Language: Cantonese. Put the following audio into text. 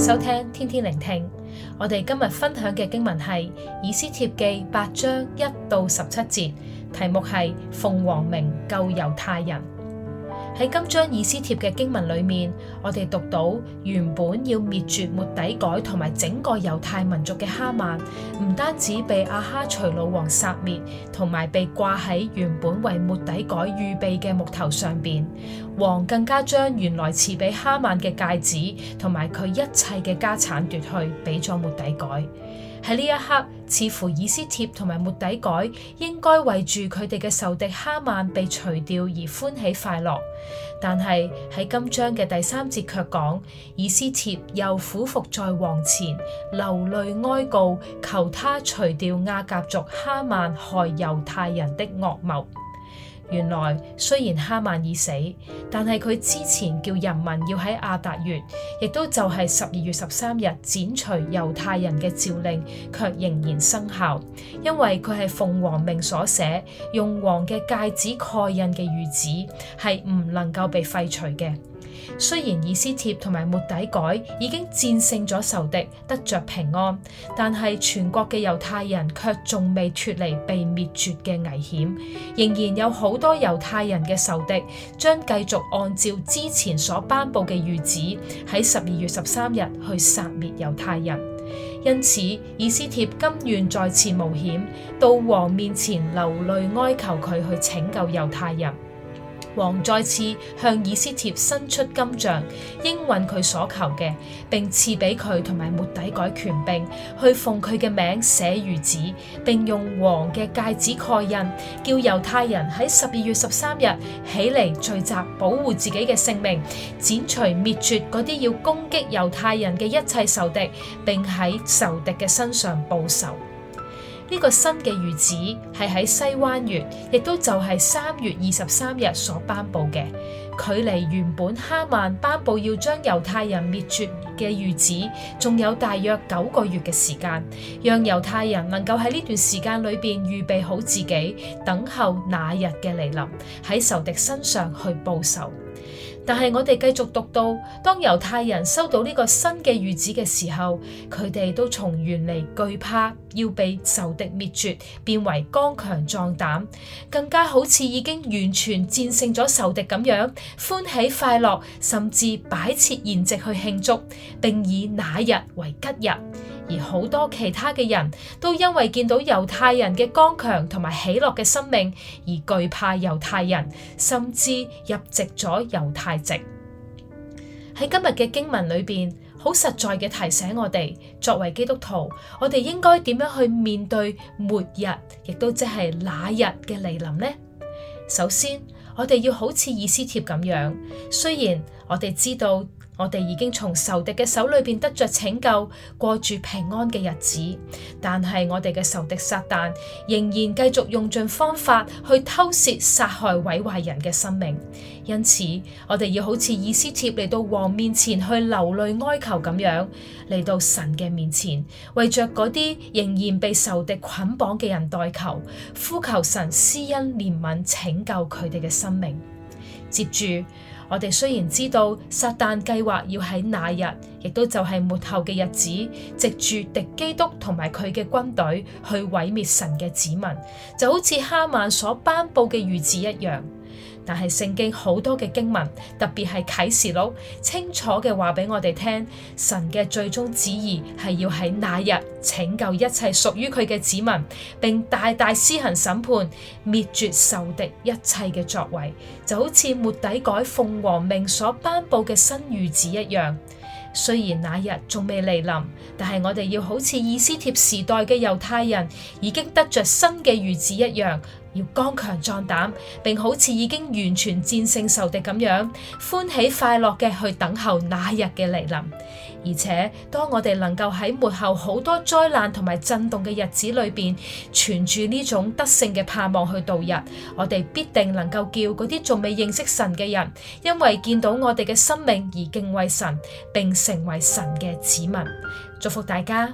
收聽天天靈聽，我哋今日分享嘅經文係《以斯帖記》八章一到十七節，題目係《奉王名救猶太人》。喺今章以斯帖嘅經文裏面，我哋讀到原本要滅絕末底改同埋整個猶太民族嘅哈曼，唔單止被亞哈隨魯王殺滅，同埋被掛喺原本為末底改預備嘅木頭上邊，王更加將原來賜俾哈曼嘅戒指同埋佢一切嘅家產奪去，俾咗末底改。喺呢一刻，似乎以斯帖同埋末底改應該為住佢哋嘅仇敵哈曼被除掉而歡喜快樂，但係喺今章嘅第三節卻講，以斯帖又俯伏在王前，流淚哀告，求他除掉亞甲族哈曼害猶太人的惡謀。原來雖然哈曼已死，但係佢之前叫人民要喺亞達月，亦都就係十二月十三日剪除猶太人嘅召令，卻仍然生效，因為佢係奉王名所寫，用王嘅戒指蓋印嘅諭旨，係唔能夠被廢除嘅。雖然以斯帖同埋末底改已經戰勝咗仇敵，得着平安，但係全國嘅猶太人卻仲未脫離被滅絕嘅危險，仍然有好多猶太人嘅仇敵，將繼續按照之前所頒布嘅諭旨，喺十二月十三日去殺滅猶太人，因此以斯帖甘願再次冒險到王面前流淚哀求佢去拯救猶太人。王再次向以斯帖伸出金杖，應允佢所求嘅，並賜俾佢同埋末底改權柄，去奉佢嘅名寫諭旨，並用王嘅戒指蓋印，叫猶太人喺十二月十三日起嚟聚集，保護自己嘅性命，剪除滅絕嗰啲要攻擊猶太人嘅一切仇敵，並喺仇敵嘅身上報仇。呢個新嘅諭旨係喺西彎月，亦都就係三月二十三日所頒布嘅。距離原本哈曼頒布要將猶太人滅絕嘅諭旨，仲有大約九個月嘅時間，讓猶太人能夠喺呢段時間裏邊預備好自己，等候那日嘅嚟臨，喺仇敵身上去報仇。但係我哋繼續讀到，當猶太人收到呢個新嘅諭旨嘅時候，佢哋都從原嚟懼怕要被仇敵滅絕，變為剛強壯膽，更加好似已經完全戰勝咗仇敵咁樣，歡喜快樂，甚至擺設筵席去慶祝，並以那日為吉日。而好多其他嘅人都因為見到猶太人嘅剛強同埋喜樂嘅生命而懼怕猶太人，甚至入籍咗猶太籍。喺今日嘅經文裏邊，好實在嘅提醒我哋，作為基督徒，我哋應該點樣去面對末日，亦都即係那日嘅來臨呢？首先，我哋要好似以斯帖咁樣，雖然我哋知道。我哋已經從仇敵嘅手裏邊得着拯救，過住平安嘅日子。但係我哋嘅仇敵撒旦仍然繼續用盡方法去偷竊、殺害、毀壞人嘅生命。因此，我哋要好似以斯帖嚟到王面前去流淚哀求咁樣，嚟到神嘅面前，為着嗰啲仍然被仇敵捆綁嘅人代求，呼求神施恩憐憫，拯救佢哋嘅生命。接住。我哋雖然知道撒旦計劃要喺那日，亦都就係末後嘅日子，藉住敵基督同埋佢嘅軍隊去毀滅神嘅子民，就好似哈曼所頒布嘅諭旨一樣。但係聖經好多嘅經文，特別係啟示錄，清楚嘅話俾我哋聽，神嘅最終旨意係要喺那日拯救一切屬於佢嘅子民，並大大施行審判，滅絕仇敵一切嘅作為，就好似末底改奉王名所頒布嘅新諭旨一樣。雖然那日仲未嚟臨，但係我哋要好似以斯帖時代嘅猶太人已經得着新嘅諭旨一樣，要剛強壯膽，並好似已經完全戰勝仇敵咁樣，歡喜快樂嘅去等候那日嘅嚟臨。而且，當我哋能夠喺末後好多災難同埋震動嘅日子裏邊，存住呢種得勝嘅盼望去度日，我哋必定能夠叫嗰啲仲未認識神嘅人，因為見到我哋嘅生命而敬畏神，並成為神嘅子民。祝福大家。